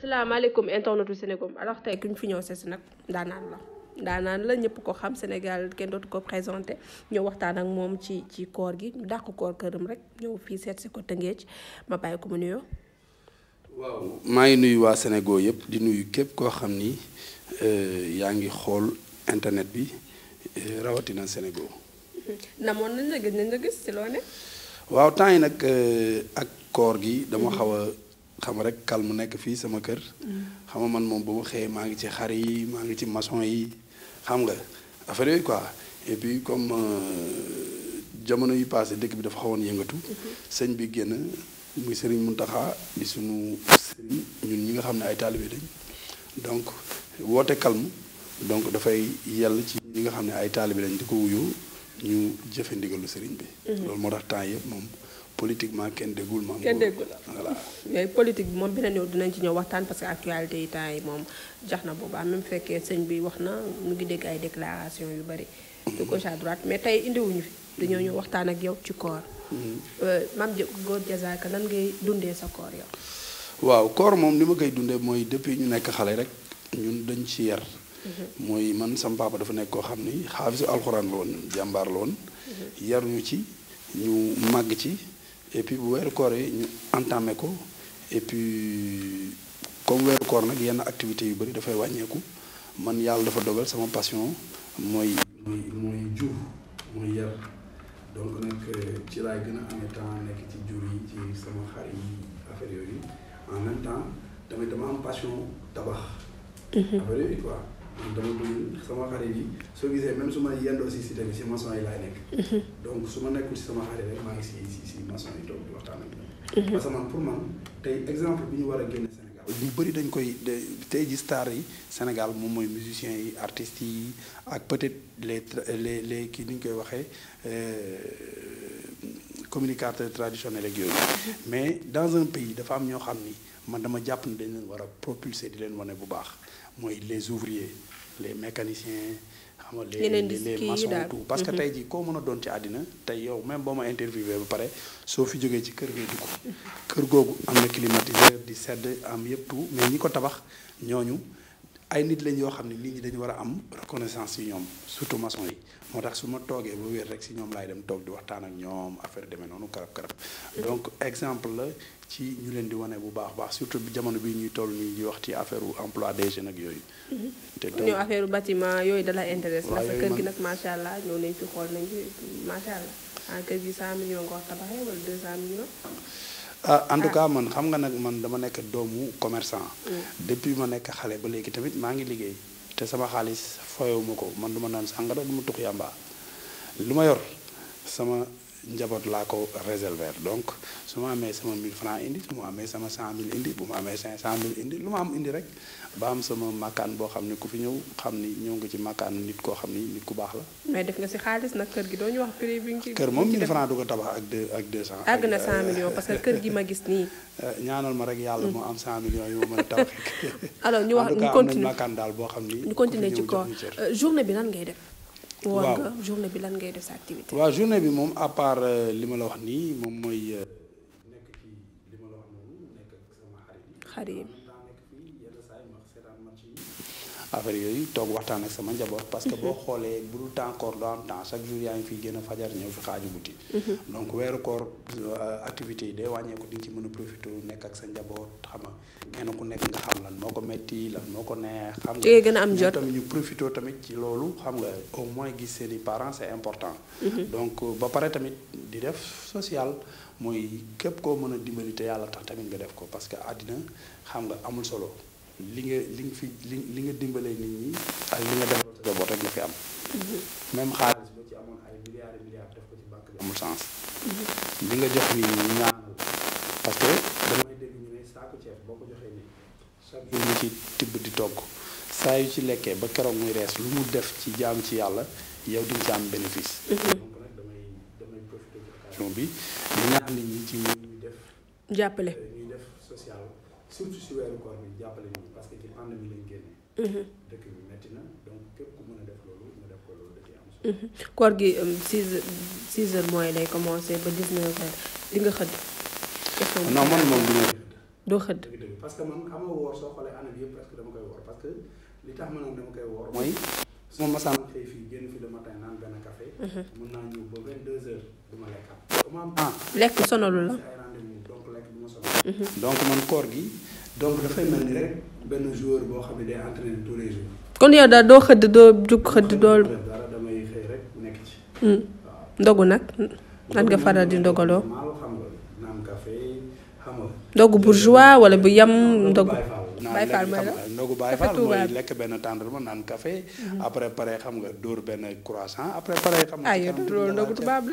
salaamaaleykum internetu Sénégal alors tey ku ñu fi ñëw sees nag daanaan la daanaan la ñëpp ko xam Sénégal kenn dootu ko présenté ñëw waxtaan ak moom ci ci koor gi dàq koor këram rek ñëw fii seet si ko Tëngéej ma bàyyi ko mu waaw maa ngi nuyu waa Sénégal yëpp di nuyu képp koo xam ni euh, yaa ngi xool internet bi euh, rawatina Sénégal. namoon nañ la gis la gis waaw temps yi nag euh, ak koor gi dama mhm. xaw a. xam rek kal mu nekk fii sama kër. xam man moom bu ma xëyee maa ngi ci xar yi maa ngi ci maçon yi xam nga affaire yooyu quoi et puis comme euh, jamono yi passé dëkk bi dafa xawoon yëngatu. sëñ bi génn muy sëriñ taxa di suñu sëriñ ñun ñi nga xam ne ay taalibe dañ donc woote kalm donc dafay yell ci ñi nga xam ne ay taalibe dañ di ko wuyu ñu jëfe ndigalu sëriñ bi. Mhm. loolu moo tax temps yëpp moom. politiquement kenn déggul ma. kenn déggul moom beneen dinañ ci ñëw waxtaan parce actualité yi temps yi moom jax na bu baax même fekkee sëñ bi wax na mu ngi dégg ay déclaration yu bari. ma mhm. gauche à droite mais tey indiwuñu fi dañoo ñëw mhm. waxtaan ak yow ci koor. Mhm. Euh, Mame Gor Diazaka nan ngay dundee sa koor yow. waaw koor moom li ma koy dundee mooy depuis ñu nekk xale rek ñun dañ ci yar. mooy man sama papa dafa nekk koo xam ni xaafisu alxuraan la woon jàmbaar la woon. yar ñu ci ñu et puis bu weeru koor yi ñu entamé ko et puis comme weeru koor nag yenn activités yu bëri dafay wàññeeku man yàlla dafa dogal sama passion mooy mooy mooy jur mooy yar donc nag euh, ci laay gën a amee temps nekk ci jur yi ci sama xar yi affaire yooyu en même temps tamit dama am passion tabax mhm. dama dul sama xarit yi soo gisee même su ma yendoo si cité bi si maçon yi laay nekk. Mhm. donc su ma nekkul si sama xarit rek maa ngi si si si yi toog di waxtaan ak ma mhm. parce man pour man tey exemple bi ñu war a génne Sénégal. ñu bëri dañ koy tey ji star yi Sénégal moom mooy musiciens yi artist yi ak peut-être les les les kii ni koy waxee. Euh, communicateur traditionnel ak yooyu mhm. mais dans un pays dafa am ñoo xam ni man dama jàpp ne dañ leen war a propulser di leen wane bu baax mooy les ouvriers les mécaniciens xam nga les les maçons tout parce que mhm. tey jii koo mën a doon ci àddina tey yow même boo ma interviewé ba pare soo fi jógee ci kër ngay dugg kër googu am na climatiseur di sedd am yëpp tout mais ñi ko tabax ñooñu ay nit lañ yoo xam ne nit ñi dañu war a am reconnaissance ci ñoom surtout maçon yi moo tax su ma toogee ba wér rek si ñoom laay dem toog di waxtaan ak ñoom affaire demee noonu karab karab mhm. donc exemple ci ñu leen di wane bu baax baax surtout jamono bi ñuy toll nii ñuy wax ci affaire emploi de jeunes ak yooyu. Mm-hmm. te donc affaire bâtiment yooyu da yooyu kër gi nag macha allah allah ah kër gi 100 millions nga wax tabaxee wala ah en ah. man xam nga nag man dama nekk doomu commerçant. Mm. depuis ma nekk xale ba léegi tamit maa ngi liggéey. te sama xaalis foyewuma ko man du ma naan sàngara du ma tux yàmba lu ma yor sama njaboot laa ko réserver donc su ma amee sama 1000 francs indi su ma amee sama 100000 indi bu ma amee 500000 indi lu ma am indi rek ba am sama makkaan boo xam ne ku fi ñëw xam ni ñëw nga ci makkaanu nit koo xam ni nit ku baax la. mais def si xaalis nag kër gi doo ñu wax prix kër moom 1000 francs du ko tabax ak euh, parce que kër gi ma gis nii. Euh, ñaanal ma rek yàlla moo am 100 millions yi ma mën a tabax. alors ñu wax ñu continué en daal boo xam ni. ñu continué ci ko euh, journée bi nan ngay def. waaw journée bi lan ngay def sa activité. waaw bi moom à part euh, li ma wax nii moom mooy. Euh, nekk ci li ma la wax noonu nekk sama affaire yooyu toog waxtaan ak sama njaboot. parce que boo xoolee bu dul temps koor doo am temps chaque jour yaa ngi fiy gën a fajar ñëw fi xaaju guddi. Mm-hmm. donc weeru koor euh, activité yi day wàññeeku di nga ci mën a profité nekk ak sa njaboot xam nga kenn ku nekk nga xam lan moo ko metti la moo ko neex. xam nga gën a am ñu profité tamit ci loolu xam nga au moins gis seeni parents c'est important. Mm-hmm. donc euh, ba pare tamit di def social. mooy képp koo mën a dimbali te yàlla tax tamit nga def ko parce que àddina xam nga amul solo. li nga li nga fi li nga dimbalee nit ñi ak li nga defal sa bopp rek la fi am. Mm-hmm. même xaalis boo ci amoon ay milliards et milliards def ko ci bi amul sens. Mm-hmm. li nga jox nit ñi ñaanal que damay dégg ñu boo ko joxee nii chaque jour ñu di togg saa ci lekkee ba keroog muy rees lu mu def ci jaam ci yàlla yow di bénéfice. Mm-hmm. donc bi di ñaan nit ñi ci ñuy def. jàppale euh, ñuy def social. surtout si weeru koor bi jàppale ñu parce que ci pandémie lañ génnee. Mhm. dëkk bi métti na donc képp a def loolu nga def ko loolu da mhm. um, mooy lay commencé ba 19 heures nga xëdd. non man moom doo xëdd parce que man xam nga woor soo xoolee année yëpp presque dama koy woor parce que li tax ma ne dama koy woor mooy. su ma masaan xëy fii génn fi le matin naan benn café. Mhm. mun naa ñëw ba 22 heures du ma lekk am. Ah. la. lekk lu ma soxla. donc man koor gi boo xam ne day entraîné tous les jours. kon yow daal doo xëdd doo jug xëdd doo. dara hmm. nag nan nga faral di ndogaloo. ndogu bourgeois wala bu yam ndogu. Baye Fall mooy la ndogu Baye Fall mooy lekk benn tàndarma naan café mhm. après pare xam nga dóor benn croissant après pare xam nga ay loolu ndogu tubaab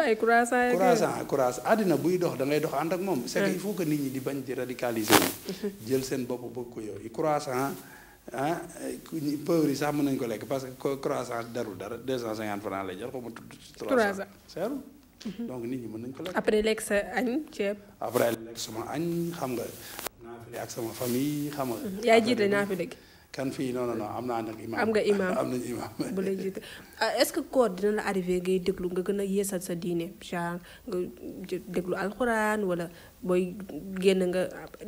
àddina buy dox da ngay dox ànd ak moom c'est que il faut que nit ñi di bañ di radicaliser mhm. jël seen bopp bëgg ko yooyu croissant ah pauvre yi sax mën nañ ko lekk parce que croissant darul dara deux cent cinquante francs lay jël xaw ma tudd trois cent seeru mhm. donc nit ñi mën nañu ko lekk après lekk sa añ ceeb après lekk sama añ xam nga naafile ak sama famille xam nga. Mm-hmm. yaa naa naafile gi. kan fii non non am naa nag imaam. am nga imaam am nañu imaam. bu lay jiite ah, est-ce que koor dina la arrivé ngay déglu nga gën a yeesal sa diine genre nga déglu alxuraan wala booy génn nga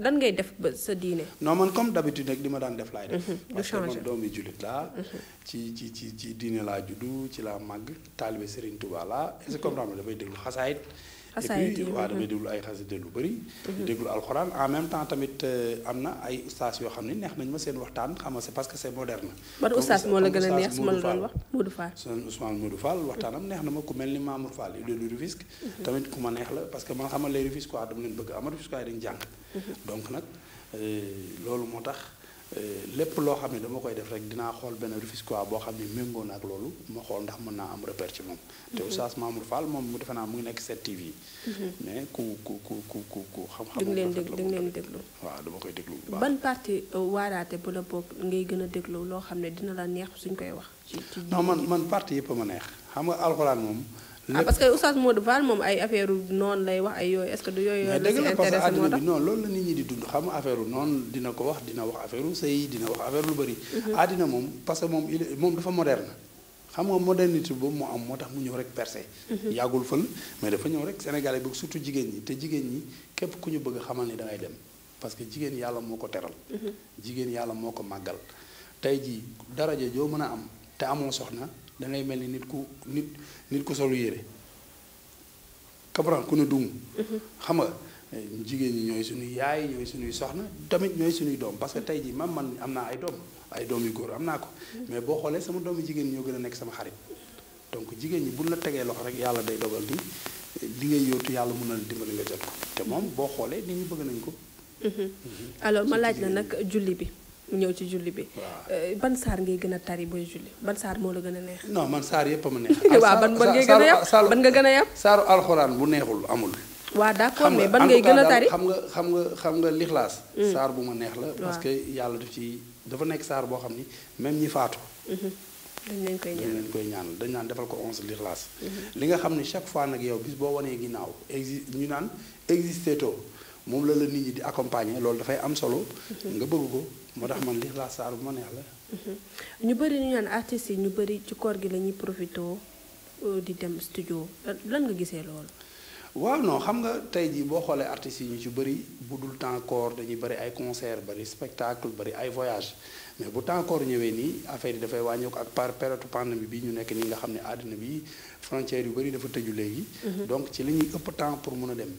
lan ngay def ba sa diine. non man comme d'habitude rek li ma daan def laay def. Mm-hmm. parce que man doomi jullit laa. Mm-hmm. ci ci ci ci diine laa juddu ci laa màgg taalibe Serigne Touba laa. est-ce que comprendre dafay déglu xasaayit. et puis waaw damay mm-hmm. déglu ay xasida lu bëri di mm-hmm. déglu alxuraan en même temps tamit euh, am na ay ustaas yoo xam ne neex nañu ma seen waxtaan xam parce que c'est moderne ban ustaas moo la gën a neex su ma la doon wax Modou Fall seen ku mel ni Mamour Fall il est du Rufisque mm-hmm. tamit ku ma neex la parce que man xam nga les dama leen bëgg ama Rufisquois yi dañu jàng donc nag euh, loolu moo tax Euh, lépp loo xam ne dama koy def rek dinaa xool benn Rufisquois boo xam ne méngoo na ak loolu ma xool ndax mën naa am repère ci moom. Mm-hmm. te Oustaz Mamour moom mu defe mu ngi nekk 7 mm-hmm. mais ku ku ku ku ku ku xam-xam. du leen déglu du leen déglu. waaw dama koy déglu bu baax. ban euh, waaraate bu ngay gën a déglu loo xam ne dina la neex suñ koy wax. ci man man parti yëpp ma neex xam nga alxuraan moom. ah parce que oustaz Modou Fall moom ay affaire noonu lay wax ay yooyu est-ce que du yooyu. la si intéressé moo non loolu la nit ñi di dund xam nga affaire noonu dina ko dina wax affaire sëy dina mhm. moom parce que moom il moom dafa moderne. xam nga boobu moo am moo tax mu ñëw rek percé. Mhm. yàggul fël mais dafa ñëw rek Sénégalais bëgg surtout jigéen ñi te jigéen ñi képp ku ñu bëgg xamal ni da ngay dem parce que jigéen yàlla moo ko teral. Mhm. jigéen yàlla moo ko màggal. tey jii daraja joo mën a am te amoo soxna da mel ni nit ku nit nit ku solu yére kapran ku ne dung mhm. xam nga jigéen ñi ñooy suñuy yaay ñooy suñuy soxna tamit ñooy suñuy doom parce que tey jii man man am naa ay doom ay doom yu góor am naa ko mhm. mais boo xoolee sama doomu jigéen ñoo gën a nekk sama xarit donc jigéen ñi bu la tegee loxo rek yàlla day dogal di li ngay yóotu yàlla mën na la dimbali nga jot ko te moom boo xoolee nit ñi bëgg nañ ko mhm. alors ma laaj la nag julli bi ñëw ci julli bi. Euh, ban saar ngay gën a tari booy julli ban saar moo la gën a neex. non man saar yëpp a ma neex. waaw ban ban ngay gën a yàpp ban nga gën a yàpp. saaru alxuraan bu neexul amul. waaw d'accord mais ban ngay gën a tari xam nga xam nga xam nga lixlaas. Mm. saar bu ma neex la. parce que yàlla daf ci dafa nekk saar boo xam ni même ñi faatu. Mm-hmm. dañ leen koy ñaanal dañ koy ñaanal dañ naan defal ko onze lixlaas. Mm-hmm. li nga xam ne chaque fois nag yow bis boo wanee ginnaaw exi ñu naan existé to moom la la nit ñi di accompagner loolu dafay am solo. Mm-hmm. nga bëgg ko. moo tax man lii laa saaru neex la. Mhm. ñu bëri ñu naan artistes yi ñu bëri ci koor gi la ñuy profité euh, di dem studio lan nga gisee loolu. waaw non xam nga tey jii boo xoolee artistes yi ñu ci bëri bu dul temps koor dañuy bëri ay concert bari spectacle bari ay voyage mais bu temps koor ñëwee nii affaire yi dafay wàññeeku ak par période pandémie bi ñu nekk nii nga xam ne àddina bi frontière yu bëri dafa tëju léegi. Mhm. donc ci li ëpp temps pour mun a dem.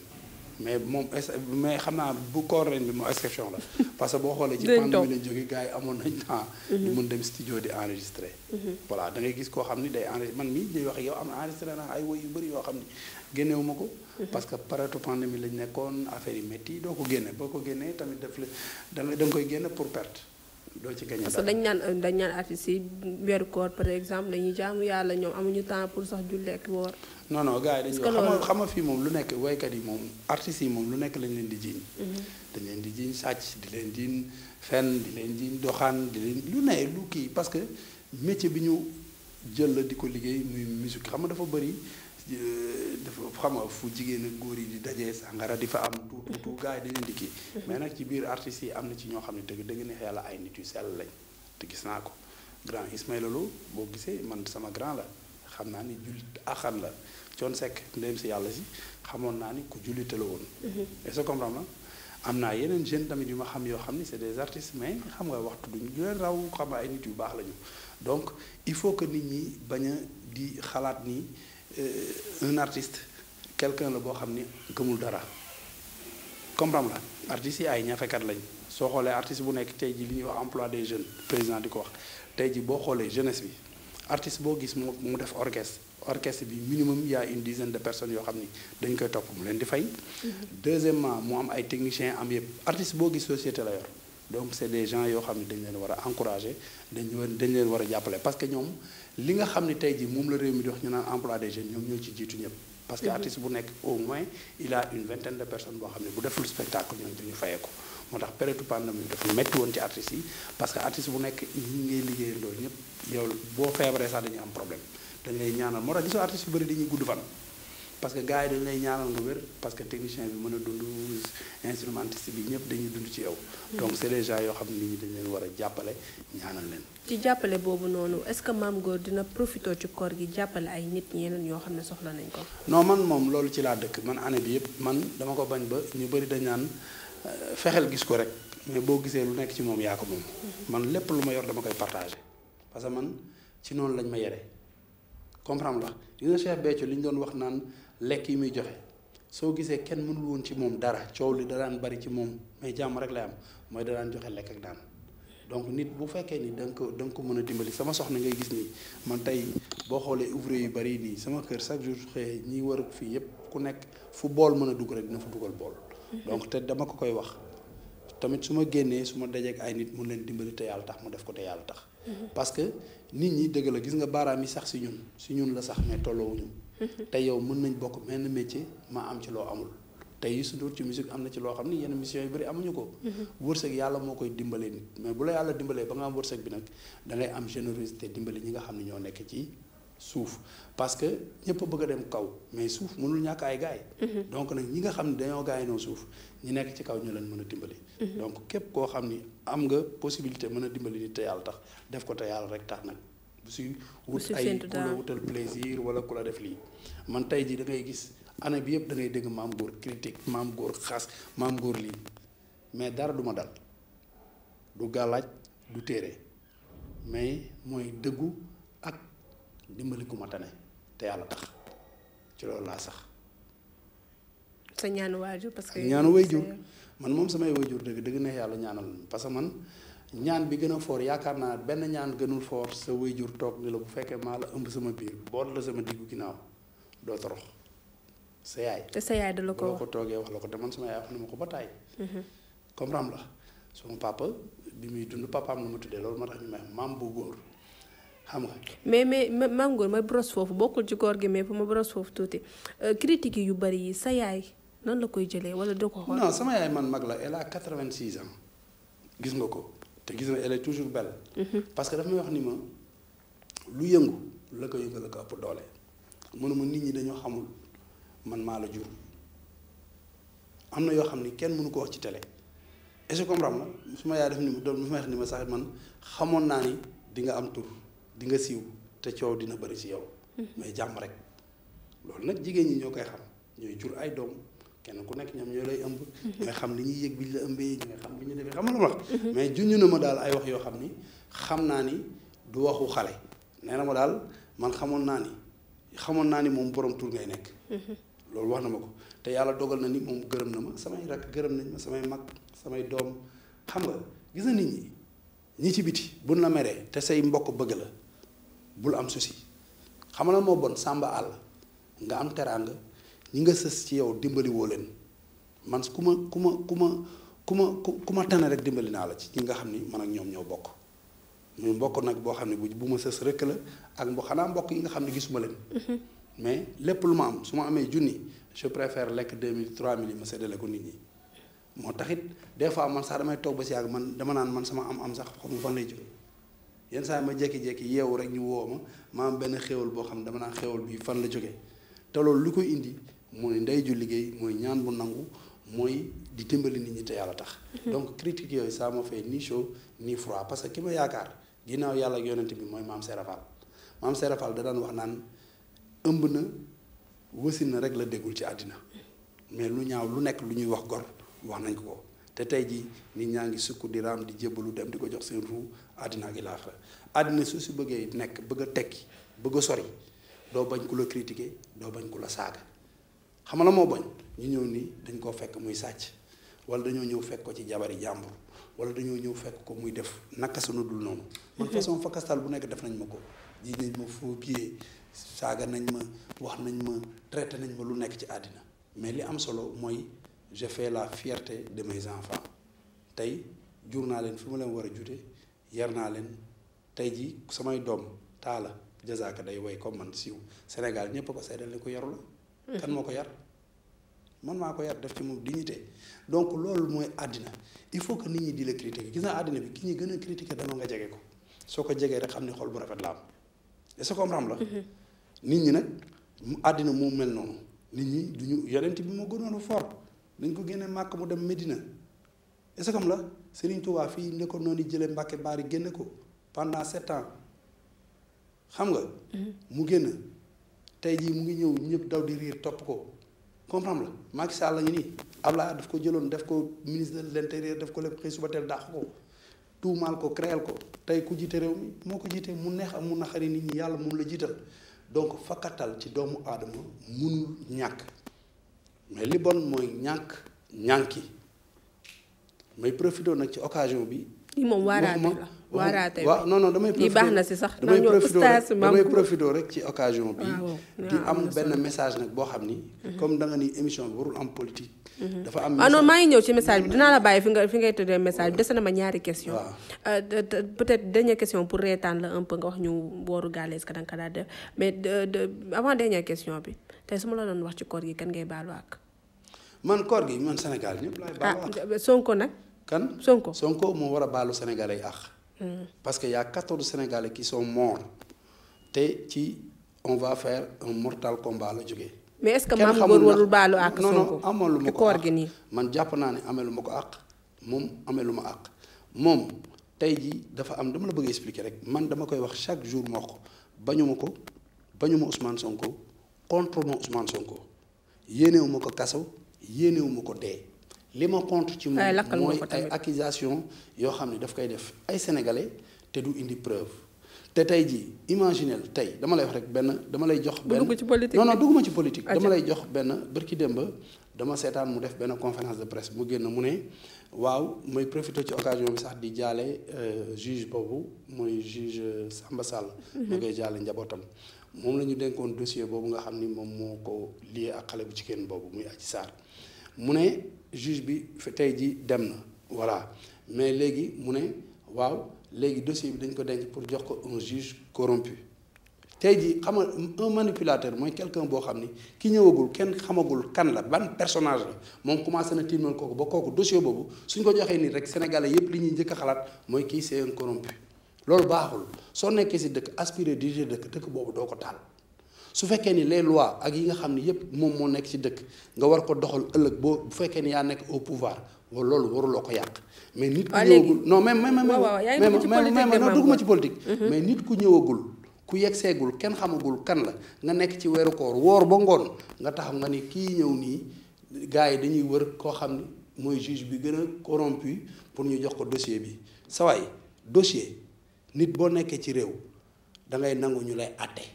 mais moom mais xam naa bu koor bi moo exception la parce que boo xoolee ci pandémie lañ jógee gars yi amoon nañ temps mhm. ñu dem studio di enregistré mhm. voilà da ngay gis koo xam ni day enregistré man mii day wax yow am na naa ay woy yu bëri yoo xam ni génnewu ma ko mhm. parce que paratu pandémie lañ nekkoon affaire yi métti doo ko génne boo ko génnee tamit def la da nga koy génn pour perte doo ci gagné parce que dañ naan euh, dañ naan artistes yi weeru par exemple dañuy jaamu yàlla ñoom amuñu temps pour sax ju lekk woor. non non gars yi dañuy wax xam nga fii moom lu nekk waykat yi moom artistes yi moom lu nekk lañu leen di jiiñ. Mm-hmm. dañ leen di jiiñ sàcc di leen jiiñ fenn di leen jiiñ doxaan di leen lu ne lu kii parce que métier bi ñu jël la di ko liggéey muy musique xam nga dafa bëri. Euh, dafa xam fu jigéen ak yi di dajee sàngara di fa am tuut tuut gars yi di leen di mais nag ci biir artistes yi am na ci ñoo xam ne dëgg dëgg ne yàlla ay nit yu sell lañ te gis naa ko grand Ismaïla Lo boo gisee man sama grand la xam naa ni jullit axan la coon sekk ndéem si yàlla si xamoon naa ni ku jullite la woon mhm. est am naa yeneen jeunes tamit yu ma xam yoo xam ne c'est de artistes mais xam wax waxtu duñ leen raw xam nga ay nit yu baax lañu donc il faut que nit ñi bañ di xalaat nii Euh, un artiste quelqu'un la boo xam ni gëmul dara comprendre la artistes yi ay ñafekat lañ soo xoolee artiste bu nekk tey ji li ñuy wax emploi des jeunes président di ko wax tey ji boo xoolee jeunesse bi artiste boo gis mu mu def orchestre orchestre bi minimum y a une dizaine de personnes yoo xam ni dañ koy topp mu leen di fay mm-hmm. deuxièmement mu am ay techniciens am yëpp artiste boo gis société la yor donc c'est des gens yoo xam ne dañ leen war a encourager dañ leen war a jàppale parce que ñoom li nga xam ne tey ji moom la réew mi di wax ñu naan emploi des jeunes ñoom ñoo ci jiitu ñëpp parce que mhm. artiste bu nekk au moins il a une vingtaine de personnes boo xam ne bu deful spectacle ñoom duñu fayee ko moo tax période pandémie dafa metti woon ci artistes yi parce que artiste bu nekk ñi ngay liggéeyandoo ñëpp yow boo feebaree sax dañuy am problème dañ lay ñaanal moo tax gisoo artistes yu bëri dañuy gudd fan parce que gars yi dañ lay ñaanal nga parce que technicien bi mën a dund instrumentiste bi ñëpp dañuy dund ci yow mhm. donc c'est les yoo xam ne nit dañ leen war a jàppale ñaanal leen ci jàppale boobu noonu est-ce que maam góor dina profité ci koor gi jàppale ay nit ñeneen yoo xam ne soxla nañ ko. non man moom loolu ci laa dëkk man année bi yëpp man dama ko bañ ba ñu bari dañu naan euh, fexeel gis ko rek mais boo gisee lu nekk ci moom yaa ko moom. Mhm. man lépp lu ma yor dama koy partagé parce que man ci noonu lañ ma yere comprendre la li nga Cheikh li ñu doon wax naan lekk yi muy joxe soo gisee kenn mënul woon ci moom dara coow li da daan bari ci moom mais jàmm rek lay am mooy da daan joxe lekk daan. donc nit bu fekkee ni da nga ko da ko mën a dimbali sama soxna ngay gis nii man tey boo xoolee ouvrier yu bari nii sama kër chaque jour xëy ñi war fii yëpp ku nekk fu bool mën a dugg rek dina fu dugal bool. Mm-hmm. donc te dama ko koy wax tamit su ma génnee su ma dajeek ay nit mu leen dimbali te yàlla tax mu def ko te yàlla tax. Mm-hmm. parce que nit ñi dëgg la gis nga baaraam yi sax si ñun si ñun la sax mais tolloowuñu. Mm-hmm. te yow mën nañ bokk benn métier ma am ci loo amul. tey Youssou Ndour ci musique am na ci loo xam ni yenn musiciens yu bëri amuñu ko. Mm-hmm. wërsëg yàlla moo koy dimbalee nit mais bu la yàlla dimbalee ba nga am wërsëg bi nag da ngay am générosité dimbali ñi nga xam ne ñoo nekk ci suuf parce que ñëpp a bëgg a dem kaw mais suuf mënul ñàkk ay gaay mm-hmm. donc nag ñi nga xam ne dañoo gaay noo suuf ñi nekk ci kaw ñu leen mën a dimbali. Mm-hmm. donc képp koo xam ni am nga possibilité mën a dimbali nit te yàlla tax def ko te yàlla rek tax nag. bu si wut ay ku la wutal plaisir wala ku la tey jii da ngay gis. année bi yëpp dangay ngay dégg maam góor critique maam góor xaas maam góor lii mais dara du ma dal du gàllaaj du téere mais mooy dëggu ak dimbali ku ma tane te yàlla tax ci loolu laa sax. sa ñaanu waajur parce que. ñaanu waajur man moom samay waajur dëgg dëgg ne yàlla ñaanal parce que man ñaan bi gën a foor yaakaar naa benn ñaan gënul foor sa waajur toog ni la bu fekkee maa la ëmb sama biir boot la sama diggu ginnaaw doo torox sa yaay. te sa yaay da la ko wax ko toogee wax la ko te man sama yaay wax na ma ko ba taay. Mhm. comprendre la sama papa bi muy dund papaam la ma tuddee loolu ma tax may maam bu góor xam nga. mais mais maam góor ma brosse foofu bokkul ci góor ma brosse foofu tuuti euh, critiques yu bari sa yaay nan la koy jëlee wala doo ko xool. non sama yaay man mag la elle a 86 ans gis nga ko te gis nga elle est toujours belle. Mhm. parce que dafa may wax ni ma lu yëngu la ko yëngu ko ëpp doole mënuma nit ñi dañoo xamul. man maa la jur am na yoo xam ne kenn mënu ko wax ci tele est-ce que comprendre su ma yaay def ni mu doon ma wax ni ma sax man xamoon naa ni di nga am tur di nga siiw te coow dina bëri ci yow. Hmm. mais rek loolu nag jigéen ñi ñoo koy xam ñooy jur ay doom kenn ku nekk ñoom ñoo lay ëmb. Hmm. ñooy li ñuy yëg bi ñu la xam bi ñu defee xam lu ma wax. Hmm. mais junj na ma daal ay wax yoo xam ni xam naa ni du waxu xale nee na ma daal man xamoon naa ni xamoon naa ni moom borom tur ngay nekk. loolu wax na ma ko te yàlla dogal na ni moom gërëm na ma samay rakk gërëm nañ ma samay mag samay doom xam nga gis na nit ñi ñi ci biti buñ la meree te say mbokk bëgg la bul am souci xam nga moo bon sàmba àll nga am teraanga ñi nga sës ci yow dimbali woo leen man ku ma ku ma ku ma ku ma ku ma tane rek dimbali naa la ci ñi nga xam ni man ak ñoom ñoo bokk muy mbokk nag boo xam ne bu bu ma sës rëkk la ak mbo xanaa mbokk yi nga xam ne gisuma leen mm-hmm. mais lépp lu ma am su ma amee junni je préfère lekk deux mille trois mille ma séddale ko nit ñi moo taxit des fois man sax damay toog ba si yàgg man dama naan man sama am am sax xam fan lay jóge yenn saa ma jékki-jékki yeewu rek ñu woo ma ma benn xéewal boo xam ne dama naan xéewal bi fan la jógee te loolu lu koy indi mooy ndey ju liggéey mooy ñaan bu nangu mooy di dimbali nit ñi te yàlla tax mm-hmm. donc critique yooyu saa m'a fait ni chaud ni froid parce que ki ma yaakaar ginnaaw yàlla ak yonent bi mooy maam Serafal maam Serafal da daan wax naan ëmb na wasin na rek la déggul ci àddina mais lu ñaaw lu nekk lu ñuy wax gor wax nañ ko ko te tey jii nit ñaa ngi sukk di raam di jébbalu dem di ko jox seen ruu àddina ak laaxira àddina su si bëggee nekk bëgg a tekki bëgg a sori doo bañ ku la critiquer doo bañ ku la saaga xam la moo bañ ñu ñëw nii dañ koo fekk muy sàcc wala dañoo ñëw fekk ko ci yi jàmbur wala dañoo ñëw fekk ko muy def naka sunu dul noonu man mm-hmm. façon fakastal bu nekk def nañ saaga nañ ma wax nañ ma traité nañ ma lu nekk ci àddina mais li am solo mooy je fais la fierte de mes enfants jur naa leen fu ma leen war a jute yar naa leen tey ji samay doom taala jazaaka day way comme man siw Sénégal ñëpp ko seedal ne ko yaru la mhm. kan moo ko yar man maa ko yar def ci moom dignité donc loolu mooy àddina il faut que nit ñi di la critiquer gis naa àddina bi ki ñuy gën a critiquer dama nga jege ko soo ko jegee rek xam ne xol bu rafet la am est la nit ñi nag mu àddina moo mel noonu nit ñi du ñu yonent bi moo gënoon a fort dañ ko génne màkk mu dem Medina est la Serigne Touba fii ne ko noonu jëlee Mbàkke Baari génne ko pendant sept ans xam nga. Mm-hmm. mu génn tey jii mu ngi ñëw ñëpp daw di riir topp ko comprendre la Macky Sall la ngi nii Abdoulaye daf ko jëloon def ko ministre de l'intérieur def ko lépp xëy suba teel dàq ko. tuumaal ko créel ko tey ku jiite réew mi moo ko jiite mu neex am mu naxari nit ñi yàlla moom la jiital donc fakkatal ci doomu aadama munul ñàkk mais li bon mooy ñànk ñànki may profité na ci occasion bi lii moom waaraate la waaw non damay profité na rek ci occasion bi ah, di ah, am benn message nag boo xam ni mhm. comme da nga ni émission bi warul am politique mhm. dafa am ah non maa ngi ñëw ci mhm. la bàyyi fi nga fi ngay tëddee message bi dese na ma ñaari question euh, peut-être dernière question pour reetaan la un ñu wooru gaalees ka danga ko daal def mais avant dernière bi te su ma la doon wax ci koor gi kan ngay baalu ak man koor gi man Sénégal ñëpp laay baalu ah, ak Sonko nag Sonko Sonko moo war a baalu sénégalais yi àq. Mm. parce que y' a quatorze sénégalais qui te ci on va faire mortal combat la jógee. mais est que maam góor warul baalu àq ma ko àq man jàpp naa ne ma ko àq moom amelu ma àq tey jii dafa am dama la bëgg expliquer rek man dama koy wax chaque jour moo ko bañu ko bañu ma Sonko contre ma Ousmane Sonko yéenewu ko kaso yéenewu ko dee. li ma contre ci moom mooy ay accusation yoo xam ne daf koy def ay sénégalais te du indi preuve te tey jii imaginel tey dama lay wax rek benn dama lay jox benn non non dugguma ci politique dama lay jox benn bërki démba dama seetaan mu def benn conférence de presse mu génn mu ne waaw mooy profité ci occasion bi sax di jaale euh, juge boobu mooy juge euh, Samba Sall mhm. ma koy jaale moom la ñu dénkoon dossier boobu nga xam ni moom moo ko lié ak xale bu jigéen boobu muy Adji Sarr mu ne juge bi tey ji dem na voilà mais léegi mu ne waaw léegi dossier bi dañ ko denc pour jox ko un juge corrompu tey jii xam nga manipulateur mooy quelqu'un boo xam ni ki ñëwagul kenn xamagul kan la ban personnage la moom commencé na tiimal kooku ba kooku dossier boobu suñ ko joxee nii rek sénégalais yépp li ñuy njëkk a xalaat mooy kii c'est un corrompu loolu baaxul soo nekkee si dëkk aspiré diriger dëkk dëkk boobu doo ko taal su fekkee ni les lois ak yi nga xam ne yëpp moom moo nekk ci dëkk nga war ko doxal ëllëg boo bu fekkee ni yaa nekk au pouvoir wala loolu waruloo ko yàq mais nit ku ñëwagul non même ma même non dugguma ci politique mhm. mais nit ku ñëwagul ku yeggseegul kenn xamagul kan la nga nekk ci weeru koor woor ba ngoon nga taxaw nga ni kii ñëw nii gars yi dañuy wër koo xam ni mooy juge bi gën a corrompu pour ñu jox ko dossier bi sawaay dossier nit boo nekkee ci réew da ngay nangu ñu lay àtte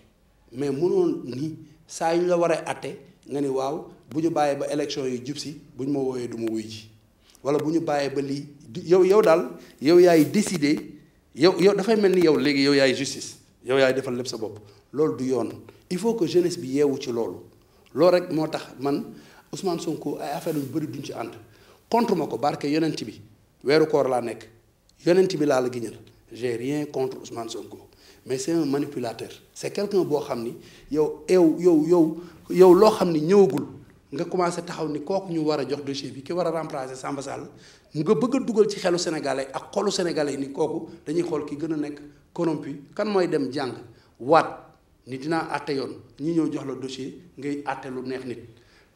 mais mënoon ni saa yi ñu la waree atte nga ni waaw bu ñu bàyyee ba élection yu jub si bu ñu ma wooyee du ma wuy ji wala bu ñu bàyyee ba lii yow yow daal yow yaay décider yow yow dafay mel ni yow léegi yow yaay justice yow yaay defal lépp sa bopp loolu du yoon il faut que jeunesse bi yeewu ci loolu loolu rek moo tax man Ousmane Sonko ay affaire yu bëri duñ ci ànd contre ma ko barke yonent bi weeru koor laa nekk yonent bi laa la giñal j'ai contre Ousmane Sonko mais c'est un manipulateur c'est quelqu'un boo xam ni yow yow yow yow yow loo xam ni ñëwagul nga commencé taxaw ni kooku ñu war a jox dossier bi ki war a remplacer Samba mu nga bëgg dugal ci xelu sénégalais ak xolu sénégalais ni kooku dañuy xool ki gën a nekk corrompu kan mooy dem jàng waat ni dinaa àtte yoon ñi ñëw jox la dossier ngay àtte lu neex nit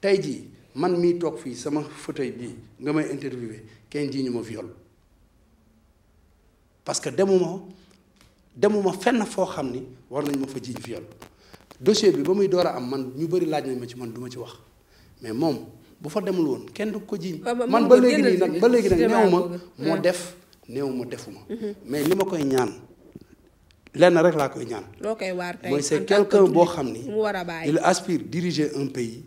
tey jii man mii toog fii sama fauteuil bii nga may interviewé kenn jii ñu ma viol parce que demuma demuma fenn foo xam ni war nañ ma fa jiiñ viol dossier bi ba muy door a am man ñu bëri laaj nañ ma ci man duma ma ci wax mais moom bu fa demul woon kenn du ko jiiñ man ba léegi nii nag ba léegi nag néew ma moo def néew ma mhm. mais li ma koy ñaan lenn rek laa koy ñaan loo koy waar tey mooy c'est quelqu'un boo xam ni il aspir diriger un pays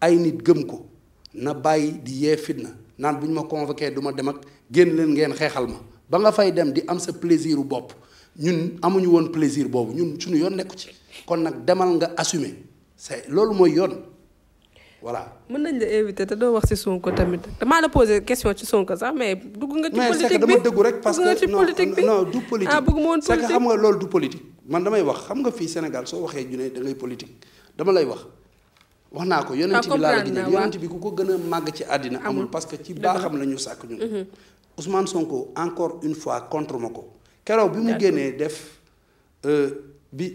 ay nit gëm ko na bàyyi di yee fitna naan bu ñu ma convoqué duma dem ak génn leen ngeen xeexal ma ba nga fay dem di am sa plaisiru bopp ñun amuñu woon plaisir boobu ñun suñu yoon nekku ci kon nag demal nga assumer c'est loolu mooy yoon voilà. mën nañ la invité te doo wax ci Sonko tamit damaa la posé question ci Sonko sax mais. dugg nga ci politique bi mais dama rek parce que non non du politique. ah bëgguma woon politique c'est que xam nga loolu du politique. man damay wax xam nga fii Sénégal soo waxee ñu ne da ngay politique dama lay wax. wax naa ko yonent bi laa la gi yonent bi ku ko gën a màgg ci àddina amul parce que ci baaxam la ñu sàkk ñun. Mhm. Ousmane Sonko encore une fois contre ma ko. keroog bi mu génnee def euh, bi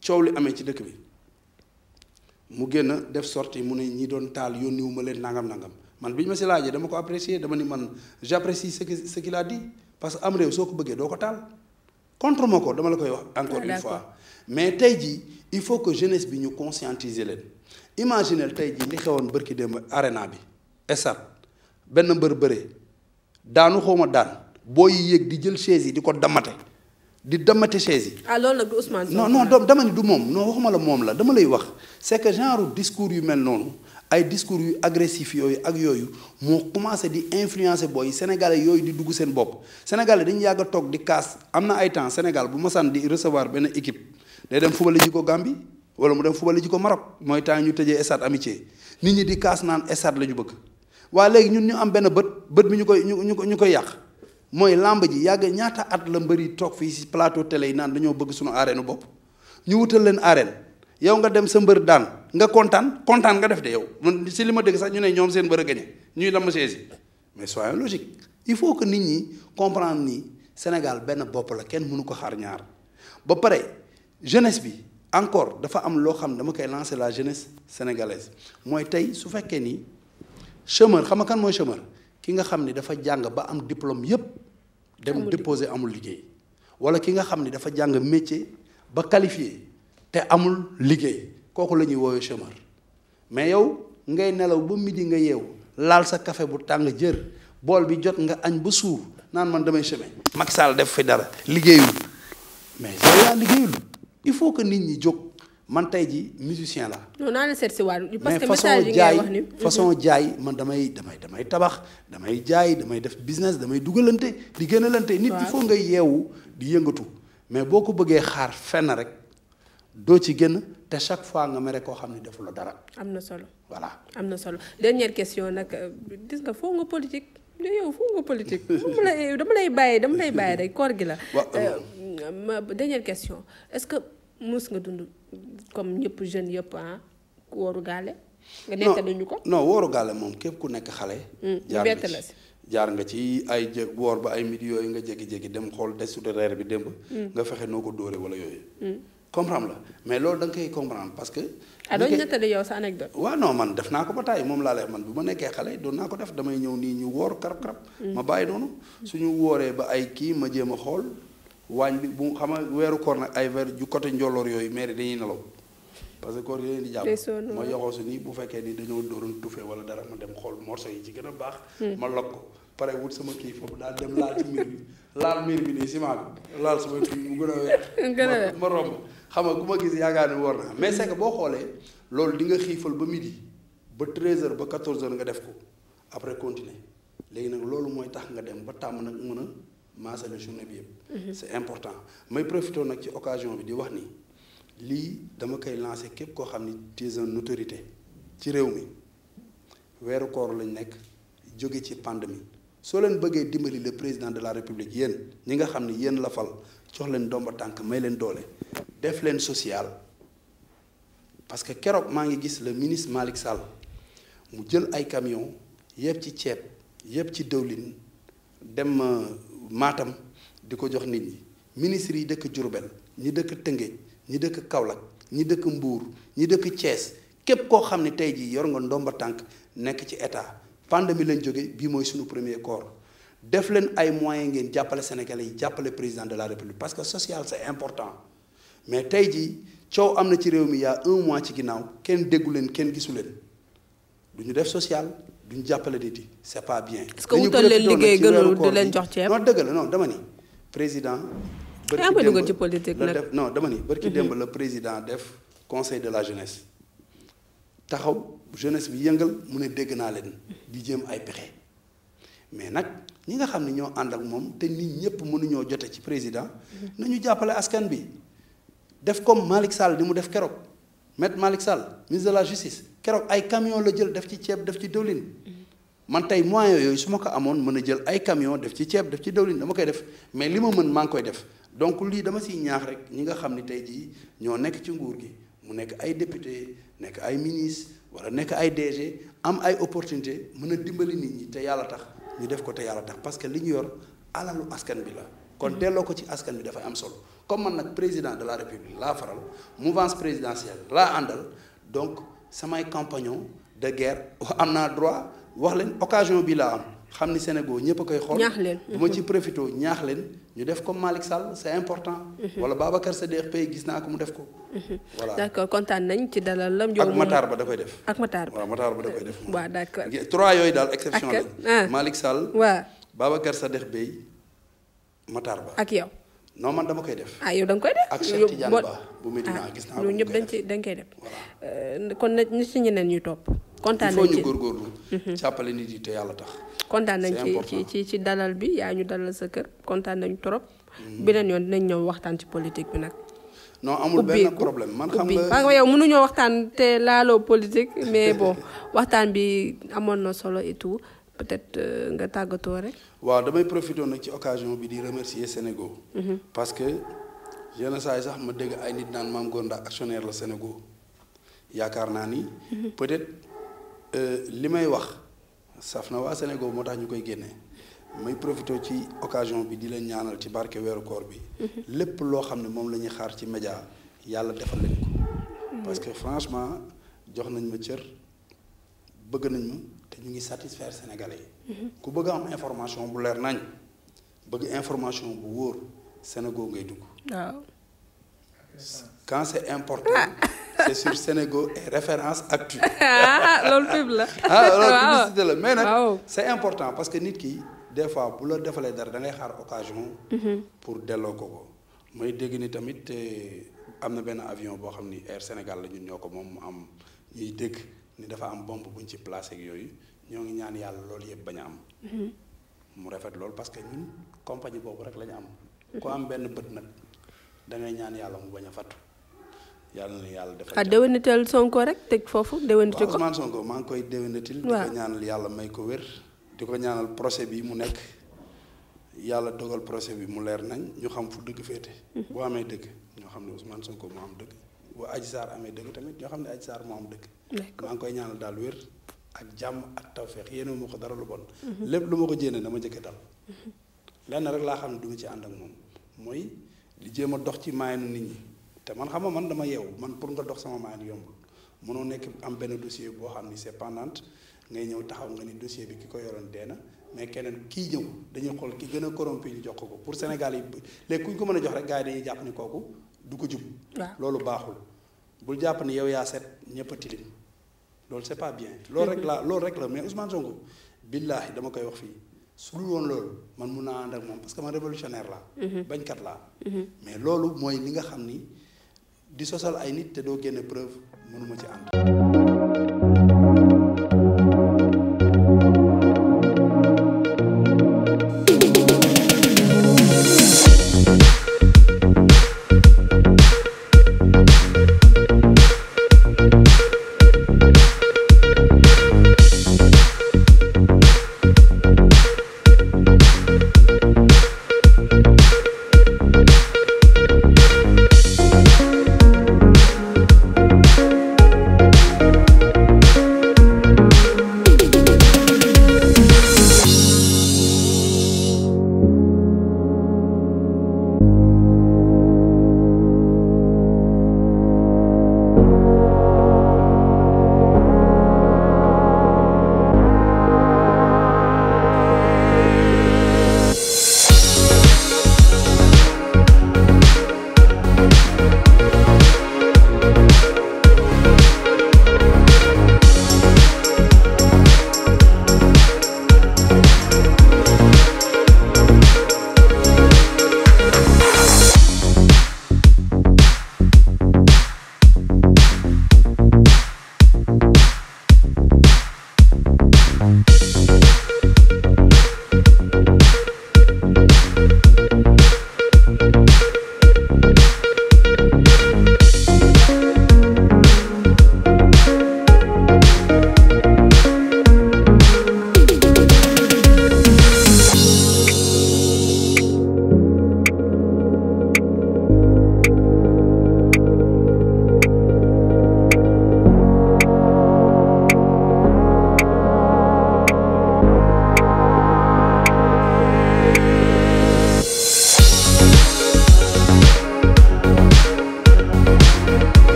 coow li amee ci dëkk bi mu génn def sorti mu ne ñi doon taal yónniwu ma leen nangam nangam man bi ñu ma si laajee dama ko apprécier dama ni man j'apprécie ce que ce qu'il a dit parce que am réew soo ko bëggee doo ko taal contre ma ko dama la koy wax encore une fois mais tey jii il faut que jeunesse bi ñu conscientiser leen imaginez tey jii li xewoon bërki démb arena bi esat benn mbër bëree daanu xawma daan booy yéeg di jël chaise yi di ko damate di damate chaise yi. ah loolu nag du dama ni du moom non waxuma la moom la dama lay wax c'est que genre discours yu mel noonu ay discours yu agressif yooyu ak yooyu moo commencé di influencer booy sénégalais yooyu di dugg seen bopp sénégalais dañu yàgg toog di kaas am na ay temps Sénégal bu ma saan di recevoir benn équipe day dem fubali ji ko Gambie wala mu dem fubali ji ko Maroc mooy temps ñu tëjee stade amitié nit ñi di kaas naan stade la ñu bëgg waaye léegi ñun ñu am benn bët bët bi ñu koy ñu ñu koy yàq. mooy làmb ji yàgg ñaata at la mbëri toog fii si plateau télé yi naan dañoo bëgg suñu arène bopp ñu wutal leen arène yow nga dem sa mbër daan nga kontaan kontaan nga def de yow man si li ma dégg sax ñu ne ñoom seen mbër a gañe ñuy lamb saisi mais soyons logique il faut que nit ñi comprendre ni Sénégal benn bopp la kenn mënu ko xaar ñaar ba pare jeunesse bi encore dafa am loo xam dama koy lancer la jeunesse sénégalaise mooy tey su fekkee ni chômeur xam nga kan mooy ki nga xam ni dafa jàng ba am diplôme yépp dem déposer amul liggéey wala ki nga xam ni dafa jàng métier ba qualifié te amul liggéey kooku la ñuy woowee chômeur mais yow ngay nelaw ba midi nga yeewu laal sa kafe bu tàng jër bool bi jot nga añ ba suuf naan man damay chômer Macky Sall def fi dara liggéeyul mais yaa liggéeyul il faut que nit ñi jóg man tey ji musicien laa. non naa la seet si waat parce que message yi ngay wax ni façon jaay man damay damay damay tabax damay jaay damay def business damay dugalante di gënalante. nit il faut nga yeewu di yëngatu. mais boo ko bëggee xaar fenn rek doo ci génn te chaque fois nga mere koo xam ne defu la dara. am na solo voilà. am na solo dernière question nag dis nga foo nga politique politique dama lay bàyyee dama lay bàyyi rek koor gi la. Euh, euh, dernière question est-ce que mus nga dund. comme ñëpp jeunes yëpp ah wóoru gaale. nga nettaluñu ko no wóoru gaale moom képp ku nekk xale. Mm, jaar la si jaar nga ci ay jë woor ba ay midi yooyu nga jékki-jékki dem xool desu de reer bi démb. Mm. nga fexe noo ko dóore wala yooyu. Mm. comprendre la mais loolu da nga koy comprendre parce que. ah doo nettali yow sa anecdote. waaw non man def naa ko ba tàyyi moom laa lay man bu ma nekkee xale doon naa ko def damay ñëw nii ñu woor karab karab. ma bàyyi noonu. suñu wooree ba ay kii ma jéem a xool. waañ bi bu xama weeru koor nag ay weer ju côté njolloor yooyu maire dañuy nelaw parce que koor yooyu di jàpp ma yoxoosu nii bu fekkee ni dañoo dóoroon tufe wala dara ma dem xool morceau yi ci gën a baax hmm. ma lokk ko pare wut sama kii foofu daal dem laal ci miir bi laal miir bi nii ciment bi laal sama kii mu a weex ma romb xam nga ku ma gis yaakaar ni war naa mais c'est boo xoolee loolu di nga xiifal ba midi ba 13 heures ba 14 heures nga def ko après continuer léegi nag loolu mooy tax nga dem ba tàmm nag mën a maasale journée bi yëpp. c'est important may profité nag ci occasion bi di wax ni lii dama koy lancé képp koo xam ni tu es une ci réew mi weeru koor lañ nekk jóge ci pandémie soo leen bëggee dimbali le président de la république yéen ñi nga xam ni yéen la fal jox leen domba tànk may leen doole def leen social parce que keroog maa ngi gis le ministre Malick Sall mu jël ay camion yëpp ci ceeb yëpp ci dëwlin dem. Euh, maatam di ko jox nit ñi ministre yi dëkk Diourbel ñi dëkk Tëngéej ñi dëkk Kaolack ñi dëkk Mbour ñi dëkk cees képp koo xam ne tey jii yor nga ndomba tànk nekk ci état pandémie lañ jóge bii mooy suñu premier corps def leen ay moyens ngeen jàppale sénégal yi jàppale président de la République parce que social c'est important mais tey jii coow am na ci réew mi yaa un mois ci ginnaaw kenn déggu leen kenn gisu leen du ñu def social duñ jàppale nit yi c'est pas bien. est-ce que wutal leen liggéey gënul di leen jox ceeb non dëgg la non dama ni président. bëri ci politique la def non dama ni bëri ci mhm. démb la président def conseil de la jeunesse taxaw jeunesse bi yëngal mu ne dégg naa leen di jéem ay pexe mais nag ñi nga xam ne ñoo ànd ak moom te nit ñëpp mënuñoo jote ci président mhm. nañu jàppale askan bi def comme Malick Sall di mu def keroog. maître Malick Sall ministre de la justice keroog ay camion la jël def ci ceeb def ci diwlin man tey moyens yooyu su ma ko amoon mën a jël ay camion def ci ceeb def ci diwlin dama koy def mais li ma mën maa ngi koy def donc lii dama siy ñaax rek ñi nga xam ni tey jii ñoo nekk ci nguur gi mu nekk ay député nekk ay ministre wala nekk ay DG am ay opportunité mën a dimbali nit ñi te yàlla tax ñu def ko te yàlla tax parce que li ñu yor alalu askan bi la kon delloo ko ci askan bi dafay am solo comme man nag président de la république laa faral mouvance présidentielle laa àndal donc samay compagnons de guerre am naa droit wax leen occasion bi laa am xam ni Sénégal ñëpp a koy xool. ñaax leen bu ma profité ñaax leen ñu def comme Malick Sall c'est important. Mhm. wala Babacar Sadikh Paye gis naa ko mu def ko. Mhm. voilà d'accord kontaan nañ ci dalal la. ak Matar ba da koy def. ak Matar ba waaw Matar ba da koy def. trois yooyu daal exception la. Ah. Malick Sall. waaw Babacar Sadikh Paye Matar ba. non man dama koy def. ah yow da nga koy def. ak ah, ñëpp dañ ci dañ koy def. Euh, kon nag ñi si ñeneen ñuy topp. kontaan nañ ci il faut ñu góorgóorlu. Mhm. jàppale nit yi te yàlla kontaan nañ ci ci ci dalal bi yaa ñu dalal sa kër kontaan nañ trop. Mhm. beneen yoon nañ ñëw waxtaan ci politique bi nag. non amul benn problème man xam nga yow mënuñoo waxtaan te laaloo politique mais boo waxtaan bi amoon na solo et tout. peut-être euh, nga tàggatoo rek. waaw damay profité nag ci occasion bi di remercier Sénégo. Mm-hmm. parce que yenn saa yi ma dégg ay nit naan Mame naa ni. Mm-hmm. peut euh, li may wax saf na waa Sénégo moo tax ñu koy génnee may profité ci occasion bi di leen ñaanal ci barke weeru koor bi. Mm-hmm. lépp loo xam ne moom la ñuy xaar ci média yàlla defal leen ko. parce que jox nañ ma cër bëgg nañ te ñu ngi satisfaire sénégalais yi. ku bëgg am information bu leer nañ bëgg information bu wóor Sénégo ngay dugg. waaw. quand c'est important. Ah. c'est sur Sénégo et référence actu. Ah, loolu pub la. ah loolu publicité la mais nag c'est important parce que nit ki des fois bu la defalee dara da ngay xaar occasion. Mhm. pour delloo ko ko. may dégg ni tamit am na benn avion boo xam ni Air Sénégal la ñun ñoo ko moom mu am ñuy dégg ni dafa am bombe buñ ci placé yooyu. ñoo ngi ñaan yàlla loolu yëpp bañ am. Mm-hmm. mu rafet lool parce que ñun compagnie boobu rek lañu am. ku am benn bët nag da ngay ñaan yàlla mu bañ a fattu yàlla na yàlla defal. ah déwénital Sonko rek teg foofu déwéniti ko waaw Ousmane maa ngi koy déwénitil. waaw di ko ñaanal yàlla may ko wér. di ko ñaanal procès bi mu nekk yàlla dogal procès bi mu leer nañ ñu xam fu dëgg féete. Mm-hmm. boo amee dëgg ñoo xam ne Ousmane Sonko moo am dëgg. bu Adji amee dëgg tamit ñoo xam ne Adji Sarr moo am dëgg. maa ngi koy ñaanal daal wér. ak jàmm ak tawféex yéene ma ko dara lu bon. lépp lu ma ko jéene dama njëkk dal. lenn rek laa xam ne du ci ànd ak moom mooy li jéem a dox ci maayanu nit ñi te man xam nga man dama yeewu man pour nga dox sama maayan yombul mënoo nekk am benn dossier boo xam ni c'est pendante ngay ñëw taxaw nga ni dossier bi ki ko yoroon dee na mais keneen kii ñëw dañuy xool ki gën a corrompu ñu jox ko ko pour Sénégal yi léegi ku ko mën a jox rek gars yi dañuy jàpp ni kooku du ko loolu baaxul bul jàpp ni yow yaa set ñëpp a loolu c'est pas bien loolu rek la loolu rek la mais Ousmane Sonko billaahi dama koy wax fii su dul woon loolu man mun naa ànd ak moom parce que man révolutionnaire laa mhm. bañkat laa mhm. mais loolu mooy li nga xam ni di sosal ay nit te doo génne preuve mënuma ci ànd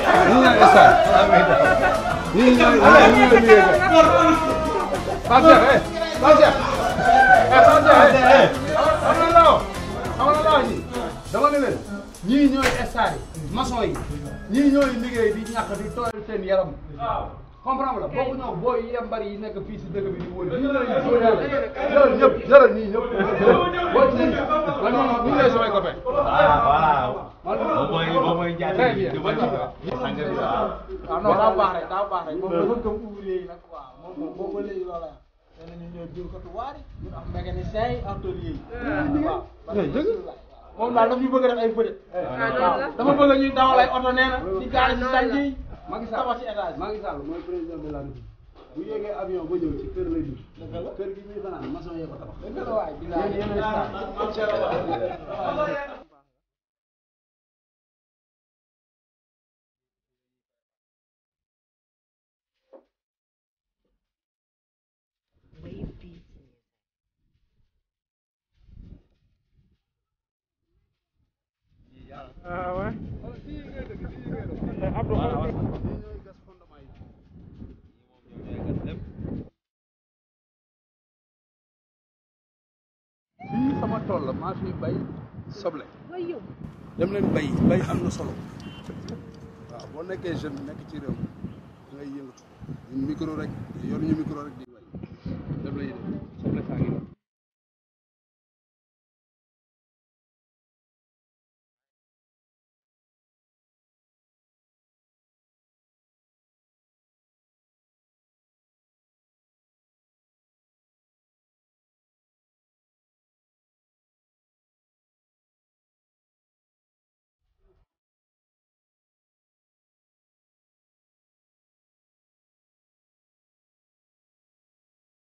ñu ngi ñooy dama ne leen ñii ñooy star yi maçon yi ñii ñooy liggéey di ñàkk di tooyal seen yaram comprendre la boobu ñoom booy yambar yi nekk fii si dëkk bi di wóor yi. jërëjëf ñëpp jërëjëf ñii ñëpp. boo ci ah, man man ñu ngi lay samay copain. voilà voilà. boobu mooy boobu mooy jaajëf bi du ma ci. waaw ah, non daa baax rek daa baax rek moom dafa gëm ouvrier yi nag waaw moom moom ba léegi loola. danañu ñëw jurkatu waari ñu am mécanicien yi atelier yi. Eh, waaw eh, moom daal daf ñu bëgg a def ay fële. waaw eh, dafa bëgg ñuy dawal ay oto nee na. di gaare si sànni Macky Sall Macky Sall mooy président de la République bu yéegee avion ba ñëw ci kër lay dugg. kër gi muy fanaan maçon yee ko tabax. dëgg la waay bilaay Uh, tool la maa fi bay soble dem leen bay bay am na solo waaw boo nekkee jeune bi nekk ci réew mi da ngay yëngatu ñu micro rek yor ñu micro rek di bay dem lay def soble saa ngi